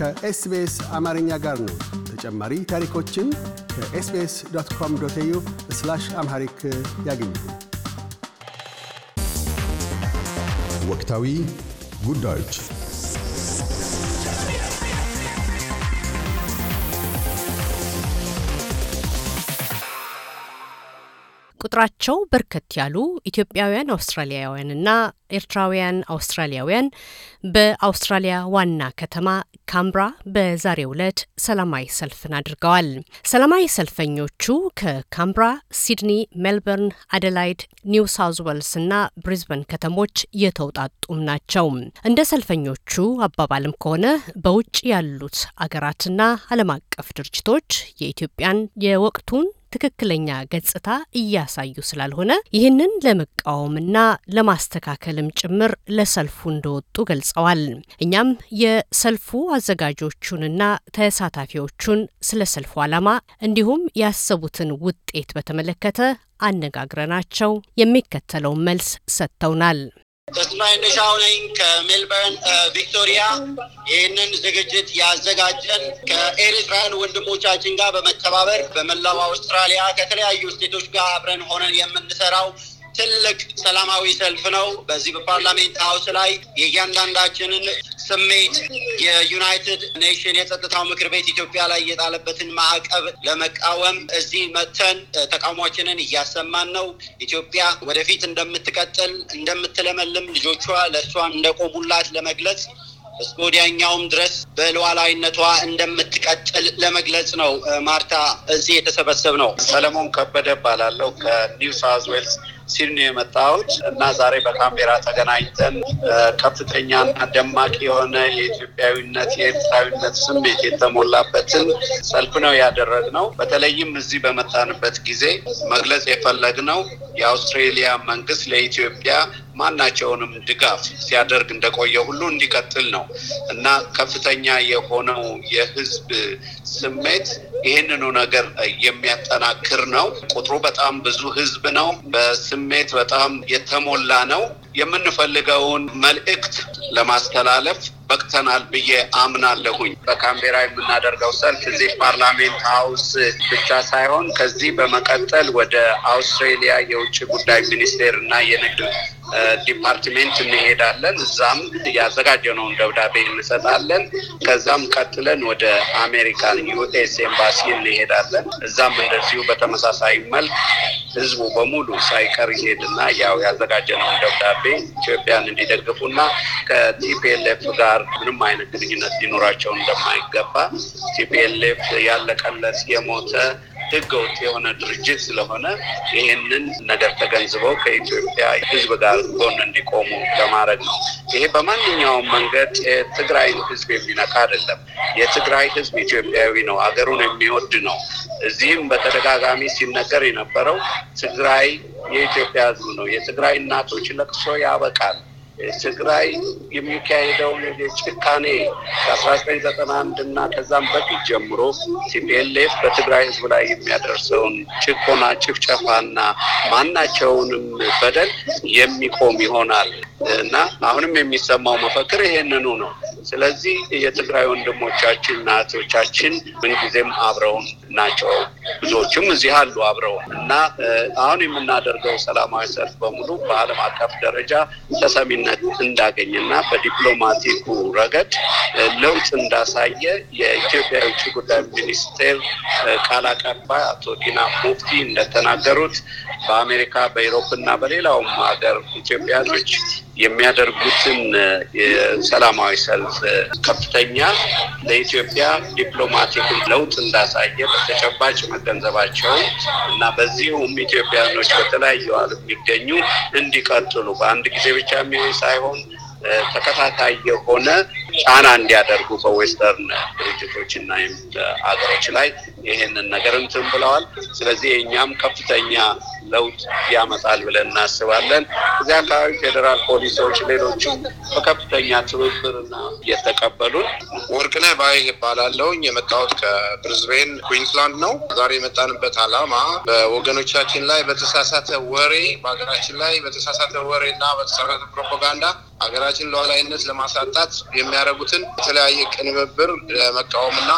ከኤስቢኤስ አማርኛ ጋር ነው። ተጨማሪ ታሪኮችን ከኤስቢኤስ ዶት ኮም ዶት ኤዩ አምሃሪክ ያገኙ። ወቅታዊ ጉዳዮች ቁጥራቸው በርከት ያሉ ኢትዮጵያውያን አውስትራሊያውያንና ኤርትራውያን አውስትራሊያውያን በአውስትራሊያ ዋና ከተማ ካምብራ በዛሬው ዕለት ሰላማዊ ሰልፍን አድርገዋል። ሰላማዊ ሰልፈኞቹ ከካምብራ፣ ሲድኒ፣ ሜልበርን፣ አደላይድ፣ ኒው ሳውዝ ዌልስ እና ብሪዝበን ከተሞች የተውጣጡም ናቸው። እንደ ሰልፈኞቹ አባባልም ከሆነ በውጭ ያሉት አገራትና ዓለም አቀፍ ድርጅቶች የኢትዮጵያን የወቅቱን ትክክለኛ ገጽታ እያሳዩ ስላልሆነ ይህንን ለመቃወምና ለማስተካከልም ጭምር ለሰልፉ እንደወጡ ገልጸዋል። እኛም የሰልፉ አዘጋጆቹንና ተሳታፊዎቹን ስለ ሰልፉ ዓላማ እንዲሁም ያሰቡትን ውጤት በተመለከተ አነጋግረናቸው የሚከተለውን መልስ ሰጥተውናል። ተስፋዬ እንደሻው ነኝ ከሜልበርን ቪክቶሪያ። ይህንን ዝግጅት ያዘጋጀን ከኤርትራን ወንድሞቻችን ጋር በመተባበር በመላው አውስትራሊያ ከተለያዩ ስቴቶች ጋር አብረን ሆነን የምንሰራው ትልቅ ሰላማዊ ሰልፍ ነው። በዚህ በፓርላሜንት ሀውስ ላይ የእያንዳንዳችንን ስሜት የዩናይትድ ኔሽን የጸጥታው ምክር ቤት ኢትዮጵያ ላይ የጣለበትን ማዕቀብ ለመቃወም እዚህ መተን ተቃውሟችንን እያሰማን ነው። ኢትዮጵያ ወደፊት እንደምትቀጥል እንደምትለመልም ልጆቿ ለእሷ እንደቆሙላት ለመግለጽ እስከ ወዲያኛውም ድረስ በሉዓላዊነቷ እንደምትቀጥል ለመግለጽ ነው። ማርታ እዚህ የተሰበሰብ ነው። ሰለሞን ከበደ እባላለሁ ከኒው ሳውዝ ዌልስ ሲድኒ የመጣሁት እና ዛሬ በካሜራ ተገናኝተን ከፍተኛና ደማቅ የሆነ የኢትዮጵያዊነት የኤርትራዊነት ስሜት የተሞላበትን ሰልፍ ነው ያደረግነው። በተለይም እዚህ በመጣንበት ጊዜ መግለጽ የፈለግነው የአውስትሬሊያ መንግስት ለኢትዮጵያ ማናቸውንም ድጋፍ ሲያደርግ እንደቆየ ሁሉ እንዲቀጥል ነው እና ከፍተኛ የሆነው የህዝብ ስሜት ይህንኑ ነገር የሚያጠናክር ነው። ቁጥሩ በጣም ብዙ ህዝብ ነው። በስሜት በጣም የተሞላ ነው። የምንፈልገውን መልእክት ለማስተላለፍ በቅተናል ብዬ አምናለሁኝ። በካምቤራ የምናደርገው ሰልፍ እዚህ ፓርላሜንት ሀውስ ብቻ ሳይሆን ከዚህ በመቀጠል ወደ አውስትሬሊያ የውጭ ጉዳይ ሚኒስቴር እና የንግድ ዲፓርትሜንት እንሄዳለን። እዛም ያዘጋጀነውን ደብዳቤ እንሰጣለን። ከዛም ቀጥለን ወደ አሜሪካን ዩኤስ ኤምባሲ እንሄዳለን። እዛም እንደዚሁ በተመሳሳይ መልክ ህዝቡ በሙሉ ሳይቀር ይሄድና ያው ያዘጋጀነውን ደብዳቤ ኢትዮጵያን እንዲደግፉና ከቲፒኤልኤፍ ጋር ምንም አይነት ግንኙነት ሊኖራቸው እንደማይገባ ቲፒኤልኤፍ ያለቀለት የሞተ ህገወጥ የሆነ ድርጅት ስለሆነ ይህንን ነገር ተገንዝበው ከኢትዮጵያ ህዝብ ጋር ጎን እንዲቆሙ ለማድረግ ነው። ይሄ በማንኛውም መንገድ የትግራይ ህዝብ የሚነካ አይደለም። የትግራይ ህዝብ ኢትዮጵያዊ ነው፣ ሀገሩን የሚወድ ነው። እዚህም በተደጋጋሚ ሲነገር የነበረው ትግራይ የኢትዮጵያ ህዝብ ነው፣ የትግራይ እናቶች ለቅሶ ያበቃል ትግራይ የሚካሄደውን ጭካኔ ከአስራ ዘጠኝ ዘጠና አንድ እና ከዛም በፊት ጀምሮ ሲፒኤልኤፍ በትግራይ ህዝብ ላይ የሚያደርሰውን ጭቆና፣ ጭፍጨፋና ማናቸውንም በደል የሚቆም ይሆናል እና አሁንም የሚሰማው መፈክር ይሄንኑ ነው። ስለዚህ የትግራይ ወንድሞቻችን እና እህቶቻችን ምንጊዜም አብረውን ናቸው። ብዙዎቹም እዚህ አሉ አብረው እና አሁን የምናደርገው ሰላማዊ ሰልፍ በሙሉ በዓለም አቀፍ ደረጃ ተሰሚነት እንዳገኝና በዲፕሎማቲኩ ረገድ ለውጥ እንዳሳየ የኢትዮጵያ የውጭ ጉዳይ ሚኒስቴር ቃል አቀባይ አቶ ዲና ሙፍቲ እንደተናገሩት በአሜሪካ በኢሮፕና በሌላውም ሀገር ኢትዮጵያኖች የሚያደርጉትን የሰላማዊ ሰልፍ ከፍተኛ ለኢትዮጵያ ዲፕሎማቲክ ለውጥ እንዳሳየ በተጨባጭ ገንዘባቸውን እና በዚሁም ኢትዮጵያኖች በተለያዩ አሉ የሚገኙ እንዲቀጥሉ በአንድ ጊዜ ብቻ የሚሆን ሳይሆን ተከታታይ የሆነ ጫና እንዲያደርጉ በዌስተርን ድርጅቶች እና አገሮች ላይ ይህንን ነገር እንትን ብለዋል። ስለዚህ የእኛም ከፍተኛ ለውጥ ያመጣል ብለን እናስባለን። እዚህ አካባቢ ፌዴራል ፖሊሶች፣ ሌሎቹ በከፍተኛ ትብብርና የተቀበሉን። ወርቅነህ ባይ እባላለሁኝ። የመጣሁት ከብሪዝቤን ኩዊንስላንድ ነው። ዛሬ የመጣንበት ዓላማ በወገኖቻችን ላይ በተሳሳተ ወሬ በሀገራችን ላይ በተሳሳተ ወሬ እና በተሳሳተ ፕሮፓጋንዳ ሀገራችን ሉዓላዊነት ለማሳጣት የሚያደርጉትን የተለያየ ቅንብብር ለመቃወምና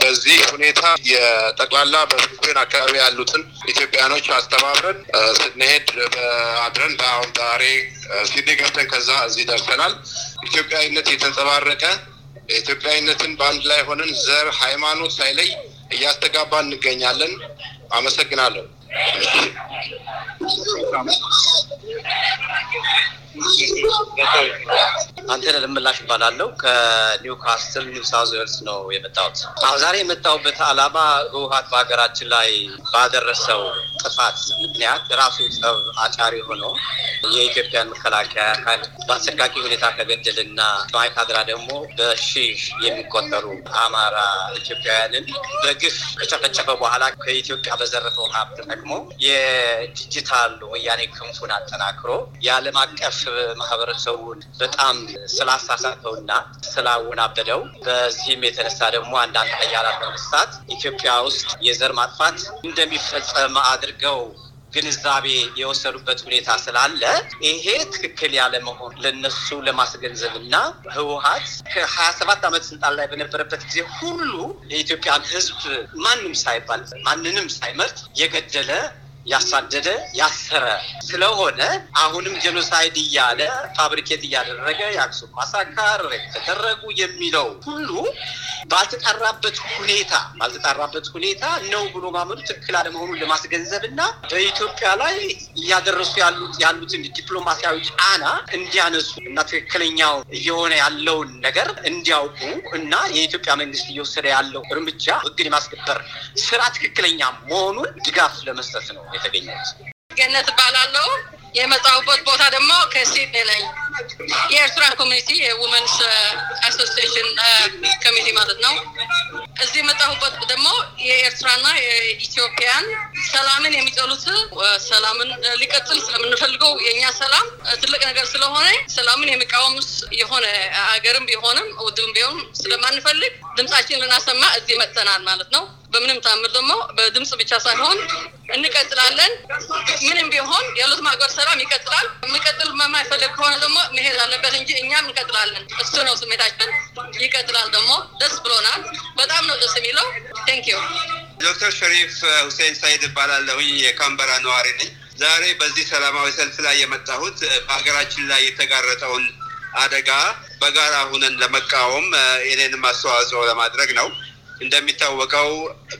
በዚህ ሁኔታ የጠቅላላ በብሪዝቤን አካባቢ ያሉትን ኢትዮጵያኖች አስተባብረን ስንሄድ አድረን በአሁን ዛሬ ሲድኒ ገብተን ከዛ እዚህ ደርሰናል። ኢትዮጵያዊነት የተንጸባረቀ ኢትዮጵያዊነትን በአንድ ላይ ሆነን ዘር፣ ሃይማኖት ሳይለይ እያስተጋባ እንገኛለን። አመሰግናለሁ። አንተነ ልምላሽ ይባላለው ከኒውካስትል ኒው ሳውዝ ዌልስ ነው የመጣሁት። አሁን ዛሬ የመጣሁበት አላማ ህወሀት በሀገራችን ላይ ባደረሰው ጥፋት ምክንያት ራሱ ጸብ አጫሪ ሆኖ የኢትዮጵያን መከላከያ ኃይል በአሰቃቂ ሁኔታ ከገደልና ማይካድራ ደግሞ በሺህ የሚቆጠሩ አማራ ኢትዮጵያውያንን በግፍ ከጨፈጨፈ በኋላ ከኢትዮጵያ በዘረፈው ሀብት ተጠቅሞ የዲጂታል ወያኔ ክንፉን አጠናክሮ የዓለም አቀፍ ማህበረሰቡን በጣም ስላሳሳተውና ስላወናበደው በዚህም የተነሳ ደግሞ አንዳንድ ሀያላን መንግስታት ኢትዮጵያ ውስጥ የዘር ማጥፋት እንደሚፈጸም አድርገው ግንዛቤ የወሰዱበት ሁኔታ ስላለ ይሄ ትክክል ያለ መሆን ለነሱ ለማስገንዘብ እና ህወሀት ከሀያ ሰባት ዓመት ስልጣን ላይ በነበረበት ጊዜ ሁሉ የኢትዮጵያን ህዝብ ማንም ሳይባል ማንንም ሳይመርጥ የገደለ ያሳደደ ያሰረ ስለሆነ አሁንም ጄኖሳይድ እያለ ፋብሪኬት እያደረገ የአክሱም ማሳካር ተደረጉ የሚለው ሁሉ ባልተጣራበት ሁኔታ ባልተጣራበት ሁኔታ ነው ብሎ ማመኑ ትክክል አለመሆኑን ለማስገንዘብ እና በኢትዮጵያ ላይ እያደረሱ ያሉትን ዲፕሎማሲያዊ ጫና እንዲያነሱ እና ትክክለኛው እየሆነ ያለውን ነገር እንዲያውቁ እና የኢትዮጵያ መንግስት እየወሰደ ያለው እርምጃ ሕግን የማስከበር ስራ ትክክለኛ መሆኑን ድጋፍ ለመስጠት ነው። የተገኘሁት። ገነት እባላለሁ። የመጣሁበት ቦታ ደግሞ ከሲድኒ ነኝ። የኤርትራ ኮሚኒቲ የውመንስ አሶሲሽን ኮሚቲ ማለት ነው። እዚህ የመጣሁበት ደግሞ የኤርትራና የኢትዮጵያን ሰላምን የሚጠሉት ሰላምን ሊቀጥል ስለምንፈልገው የእኛ ሰላም ትልቅ ነገር ስለሆነ ሰላምን የሚቃወም የሆነ ሀገርም ቢሆንም ውድም ቢሆንም ስለማንፈልግ ድምጻችን ልናሰማ እዚህ መጥተናል ማለት ነው። በምንም ታምር ደግሞ በድምፅ ብቻ ሳይሆን እንቀጥላለን። ምንም ቢሆን የሉት ማጎር ሰላም ይቀጥላል። የሚቀጥል የማይፈለግ ከሆነ ደግሞ መሄድ አለበት እንጂ እኛም እንቀጥላለን። እሱ ነው ስሜታችን። ይቀጥላል ደግሞ ደስ ብሎናል። በጣም ነው ደስ የሚለው። ቴንክ ዩ። ዶክተር ሸሪፍ ሁሴን ሳይድ እባላለሁኝ። የካምበራ ነዋሪ ነኝ። ዛሬ በዚህ ሰላማዊ ሰልፍ ላይ የመጣሁት በሀገራችን ላይ የተጋረጠውን አደጋ በጋራ ሁነን ለመቃወም የኔንም አስተዋጽኦ ለማድረግ ነው። እንደሚታወቀው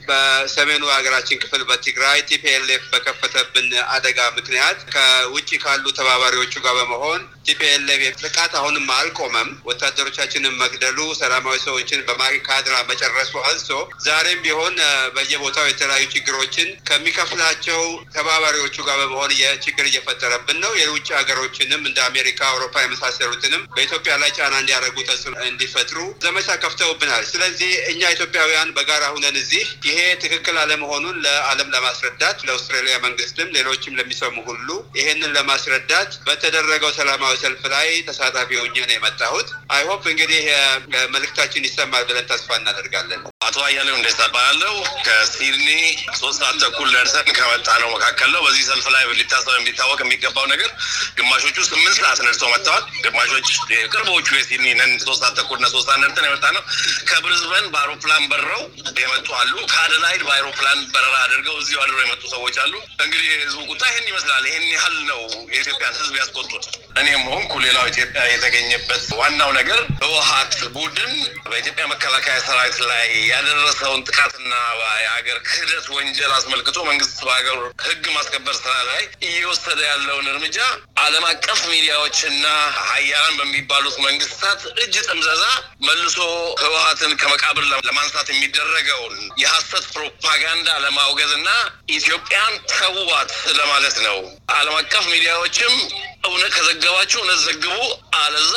በሰሜኑ ሀገራችን ክፍል በትግራይ ቲፒኤልኤፍ በከፈተብን አደጋ ምክንያት ከውጭ ካሉ ተባባሪዎቹ ጋር በመሆን ቲፒኤልኤፍ ጥቃት አሁንም አልቆመም። ወታደሮቻችንን መግደሉ፣ ሰላማዊ ሰዎችን በማካድራ መጨረሱ አንሶ ዛሬም ቢሆን በየቦታው የተለያዩ ችግሮችን ከሚከፍላቸው ተባባሪዎቹ ጋር በመሆን ችግር እየፈጠረብን ነው። የውጭ ሀገሮችንም እንደ አሜሪካ፣ አውሮፓ የመሳሰሉትንም በኢትዮጵያ ላይ ጫና እንዲያደርጉ ተጽዕኖ እንዲፈጥሩ ዘመቻ ከፍተውብናል። ስለዚህ እኛ ኢትዮጵያውያን በጋራ ሁነን እዚህ ይሄ ትክክል አለመሆኑን ለዓለም ለማስረዳት ለአውስትራሊያ መንግስትም ሌሎችም ለሚሰሙ ሁሉ ይሄንን ለማስረዳት በተደረገው ሰላማዊ ሰላማዊ ሰልፍ ላይ ተሳታፊ ሆኜ ነው የመጣሁት። አይሆፕ እንግዲህ መልእክታችን ይሰማል ብለን ተስፋ እናደርጋለን። አቶ አያሌው እንደዛ እባላለሁ። ከሲድኒ ሶስት ሰዓት ተኩል ደርሰን ከመጣ ነው መካከል ነው። በዚህ ሰልፍ ላይ ሊታሰብ የሚታወቅ የሚገባው ነገር ግማሾቹ ስምንት ሰዓት ነድቶ መጥተዋል። ግማሾች ቅርቦቹ የሲድኒ ነን። ሶስት ሰዓት ተኩል ተኩልና ሶስት ሰዓት ነድተን የመጣ ነው። ከብሪዝበን በአውሮፕላን በረው የመጡ አሉ። ከአደላይድ በአውሮፕላን በረራ አድርገው እዚሁ አድረው የመጡ ሰዎች አሉ። እንግዲህ የህዝቡ ቁጣ ይህን ይመስላል። ይህን ያህል ነው የኢትዮጵያን ህዝብ ያስቆጡት። እኔ እኔም ሆንኩ ሌላው ኢትዮጵያ የተገኘበት ዋናው ነገር ህወሀት ቡድን በኢትዮጵያ መከላከያ ሰራዊት ላይ ያደረሰውን ጥቃትና የሀገር ክህደት ወንጀል አስመልክቶ መንግስት በሀገር ህግ ማስከበር ስራ ላይ እየወሰደ ያለውን እርምጃ ዓለም አቀፍ ሚዲያዎችና ሀያላን በሚባሉት መንግስታት እጅ ጥምዘዛ መልሶ ህወሀትን ከመቃብር ለማንሳት የሚደረገውን የሀሰት ፕሮፓጋንዳ ለማውገዝና ኢትዮጵያን ተዋት ለማለት ነው። ዓለም አቀፍ ሚዲያዎችም እውነት ከዘገባቸው አፋቸው እውነት ዘግቡ፣ አለዛ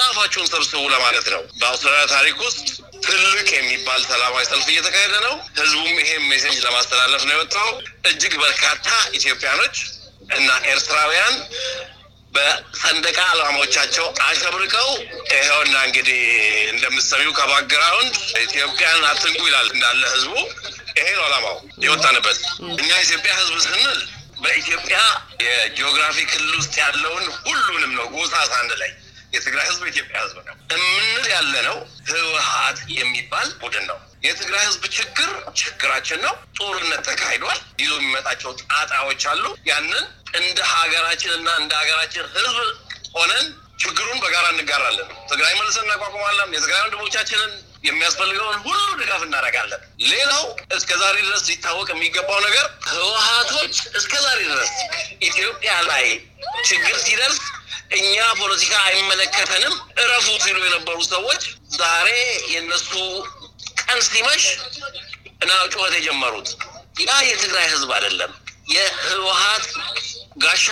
ሰብስቡ ለማለት ነው። በአውስትራሊያ ታሪክ ውስጥ ትልቅ የሚባል ሰላማዊ ሰልፍ እየተካሄደ ነው። ህዝቡም ይሄን ሜሴጅ ለማስተላለፍ ነው የወጣው። እጅግ በርካታ ኢትዮጵያኖች እና ኤርትራውያን በሰንደቃ ዓላማዎቻቸው አሸብርቀው ይኸውና እንግዲህ እንደምትሰሚው ከባክግራውንድ ኢትዮጵያን አትንኩ ይላል እንዳለ ህዝቡ። ይሄ ነው ዓላማው የወጣንበት። እኛ ኢትዮጵያ ህዝብ ስንል በኢትዮጵያ የጂኦግራፊ ክልል ውስጥ ያለውን ሁሉንም ነው ጎሳስ አንድ ላይ የትግራይ ህዝብ የኢትዮጵያ ህዝብ ነው እምንል ያለ ነው። ህወሀት የሚባል ቡድን ነው። የትግራይ ህዝብ ችግር ችግራችን ነው። ጦርነት ተካሂዷል። ይዞ የሚመጣቸው ጣጣዎች አሉ። ያንን እንደ ሀገራችን እና እንደ ሀገራችን ህዝብ ሆነን ችግሩን በጋራ እንጋራለን። ትግራይ መልሰን እናቋቁማለን። የትግራይ ወንድሞቻችንን የሚያስፈልገውን ሁሉ ድጋፍ እናደርጋለን። ሌላው እስከ ዛሬ ድረስ ሊታወቅ የሚገባው ነገር ህወሀቶች እስከ ዛሬ ድረስ ኢትዮጵያ ላይ ችግር ሲደርስ እኛ ፖለቲካ አይመለከተንም እረፉ ሲሉ የነበሩ ሰዎች ዛሬ የነሱ ቀን ሲመሽ እና ጩኸት የጀመሩት ያ የትግራይ ህዝብ አይደለም የህወሀት ጋሻ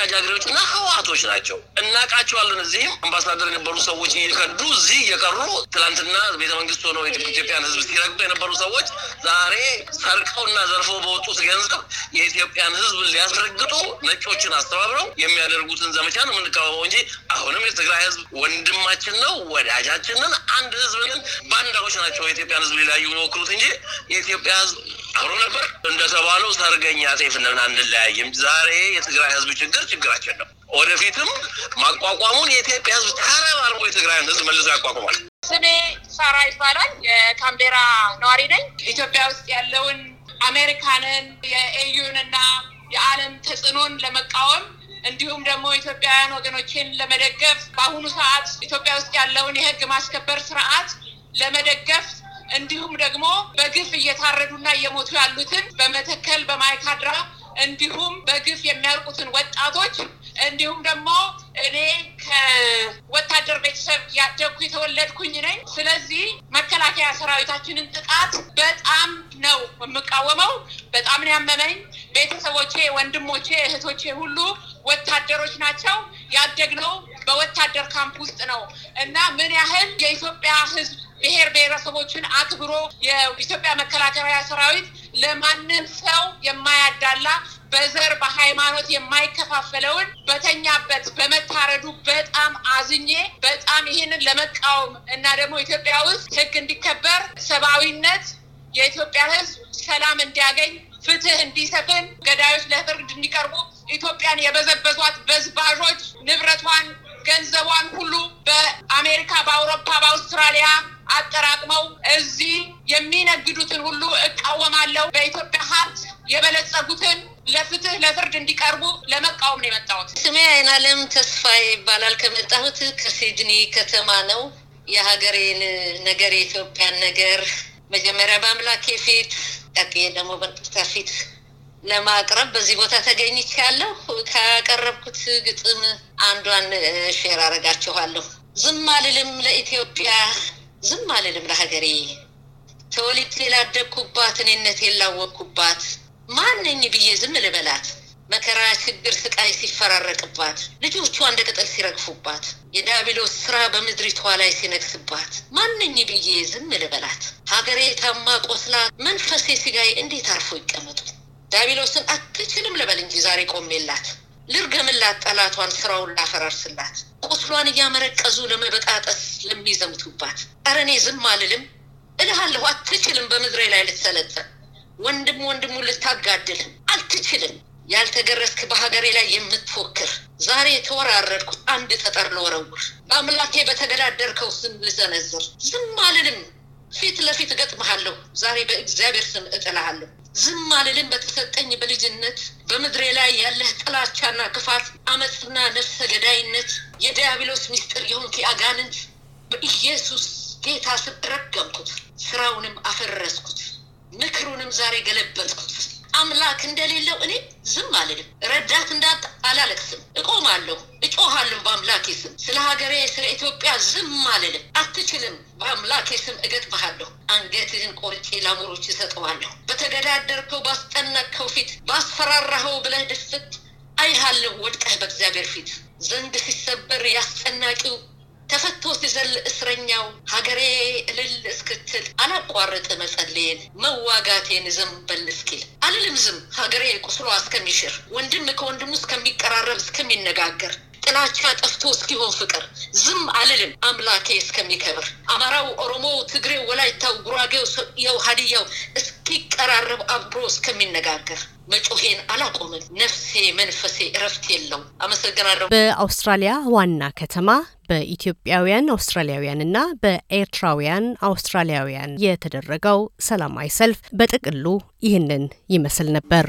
እና ህወሀቶች ናቸው። እናቃቸዋለን። እዚህም አምባሳደር የነበሩ ሰዎች እየከዱ እዚህ እየቀሩ ትላንትና ቤተ መንግስት ሆነው ኢትዮጵያን ህዝብ ሲረግጡ የነበሩ ሰዎች ዛሬ ሰርቀውና ዘርፈው በወጡት ገንዘብ የኢትዮጵያን ህዝብ ሊያስረግጡ ነጮችን አስተባብረው የሚያደርጉትን ዘመቻ ነው የምንቃወመው እንጂ አሁንም የትግራይ ህዝብ ወንድማችን ነው፣ ወዳጃችንን አንድ ህዝብ ባንዳዎች ናቸው የኢትዮጵያን ህዝብ ሊለያዩ የሚሞክሩት እንጂ የኢትዮጵያ ህዝብ ጥሩ ነበር። እንደተባለው ሰርገኛ ሴፍ ነን፣ አንለያይም። ዛሬ የትግራይ ህዝብ ችግር ችግራችን ነው። ወደፊትም ማቋቋሙን የኢትዮጵያ ህዝብ ተረባርቦ የትግራይን ህዝብ መልሶ ያቋቁማል። ስሜ ሳራ ይባላል። የካምቤራ ነዋሪ ነኝ። ኢትዮጵያ ውስጥ ያለውን አሜሪካንን የኤዩን እና የዓለም ተጽዕኖን ለመቃወም እንዲሁም ደግሞ ኢትዮጵያውያን ወገኖችን ለመደገፍ በአሁኑ ሰዓት ኢትዮጵያ ውስጥ ያለውን የህግ ማስከበር ስርዓት ለመደገፍ እንዲሁም ደግሞ በግፍ እየታረዱና እየሞቱ ያሉትን በመተከል በማይካድራ እንዲሁም በግፍ የሚያርቁትን ወጣቶች እንዲሁም ደግሞ እኔ ከወታደር ቤተሰብ ያደግኩ የተወለድኩኝ ነኝ። ስለዚህ መከላከያ ሰራዊታችንን ጥቃት በጣም ነው የምቃወመው። በጣም ነው ያመመኝ። ቤተሰቦቼ፣ ወንድሞቼ፣ እህቶቼ ሁሉ ወታደሮች ናቸው። ያደግነው በወታደር ካምፕ ውስጥ ነው እና ምን ያህል የኢትዮጵያ ሕዝብ ብሔር ብሔረሰቦችን አክብሮ የኢትዮጵያ መከላከያ ሰራዊት ለማንም ሰው የማያዳላ በዘር በሃይማኖት የማይከፋፈለውን በተኛበት በመታረዱ በጣም አዝኜ በጣም ይህንን ለመቃወም እና ደግሞ ኢትዮጵያ ውስጥ ሕግ እንዲከበር ሰብአዊነት የኢትዮጵያ ሕዝብ ሰላም እንዲያገኝ ፍትህ እንዲሰፍን ገዳዮች ለፍርድ እንዲቀርቡ ኢትዮጵያን የበዘበዟት በዝባዦች ንብረቷን ገንዘቧን ሁሉ በአሜሪካ፣ በአውሮፓ፣ በአውስትራሊያ አጠራቅመው እዚህ የሚነግዱትን ሁሉ እቃወማለሁ። በኢትዮጵያ ሀብት የበለጸጉትን ለፍትህ ለፍርድ እንዲቀርቡ ለመቃወም ነው የመጣሁት። ስሜ አይናለም ተስፋዬ ይባላል። ከመጣሁት ከሲድኒ ከተማ ነው። የሀገሬን ነገር የኢትዮጵያን ነገር መጀመሪያ በአምላኬ ፊት ቀጥዬ ደግሞ በቅርታ ፊት ለማቅረብ በዚህ ቦታ ተገኝቻለሁ። ካቀረብኩት ግጥም አንዷን ሼር አረጋችኋለሁ። ዝም አልልም ለኢትዮጵያ ዝም አልልም ለሀገሬ ተወልጄ ላደግኩባት እኔነት የላወቅኩባት ማነኝ ብዬ ዝም ልበላት መከራ፣ ችግር፣ ስቃይ ሲፈራረቅባት ልጆቿ እንደ ቅጠል ሲረግፉባት የዳቢሎስ ስራ በምድሪቷ ላይ ሲነግስባት ማንኝ ብዬ ዝም ልበላት? ሀገሬ ታማ ቆስላ መንፈሴ ሲጋይ እንዴት አርፎ ይቀመጡ? ዳቢሎስን አትችልም ልበል እንጂ ዛሬ ቆሜላት ልርገምላት፣ ጠላቷን ስራውን ላፈራርስላት፣ ቁስሏን እያመረቀዙ ለመበጣጠስ ለሚዘምቱባት። ኧረ እኔ ዝም አልልም እልሃለሁ። አትችልም በምድሬ ላይ ልትሰለጥን፣ ወንድም ወንድሙ ልታጋድል አልትችልም። ያልተገረዝክ በሀገሬ ላይ የምትፎክር ዛሬ የተወራረድኩት አንድ ጠጠር ለወረውር በአምላኬ በተገዳደርከው ስም ልሰነዝር። ዝም አልልም። ፊት ለፊት እገጥመሃለሁ ዛሬ በእግዚአብሔር ስም እጥልሃለሁ። ዝም አልልም። በተሰጠኝ በልጅነት በምድሬ ላይ ያለህ ጥላቻና ክፋት፣ አመፅና ነፍሰ ገዳይነት የዲያብሎስ ሚስጥር የሆንክ አጋንንት በኢየሱስ ጌታ ስም ረገምኩት፣ ስራውንም አፈረስኩት፣ ምክሩንም ዛሬ ገለበጥኩት። አምላክ እንደሌለው እኔ ዝም አልልም። ረዳት እንዳት አላለቅስም፣ እቆማለሁ፣ እጮሃለሁ በአምላኬ ስም። ስለ ሀገሬ ስለ ኢትዮጵያ ዝም አልልም። አትችልም፣ በአምላኬ ስም እገጥመሃለሁ። አንገትህን ቆርጬ ላሞሮች እሰጠዋለሁ። በተገዳደርከው ባስጠነቅከው ፊት ባስፈራራኸው ብለህ ድፍት አይሃለሁ ወድቀህ በእግዚአብሔር ፊት ዘንድ ሲሰበር ያስጨናቂው ተፈቶ ሲዘል እስረኛው ሀገሬ እልል እስክትል አላቋርጥ መጸልየን መዋጋቴን ዝም በል እስኪል አልልም ዝም ሀገሬ ቁስሏ እስከሚሽር ወንድም ከወንድሙ እስከሚቀራረብ እስከሚነጋገር ጥላቻ ጠፍቶ እስኪሆን ፍቅር ዝም አልልም አምላኬ እስከሚከብር አማራው፣ ኦሮሞው፣ ትግሬው፣ ወላይታው፣ ጉራጌው፣ የው ሀዲያው እስኪቀራረብ አብሮ እስከሚነጋገር መጮሄን አላቆምም። ነፍሴ መንፈሴ እረፍት የለው። አመሰግናለሁ። በአውስትራሊያ ዋና ከተማ በኢትዮጵያውያን አውስትራሊያውያንና በኤርትራውያን አውስትራሊያውያን የተደረገው ሰላማዊ ሰልፍ በጥቅሉ ይህንን ይመስል ነበር።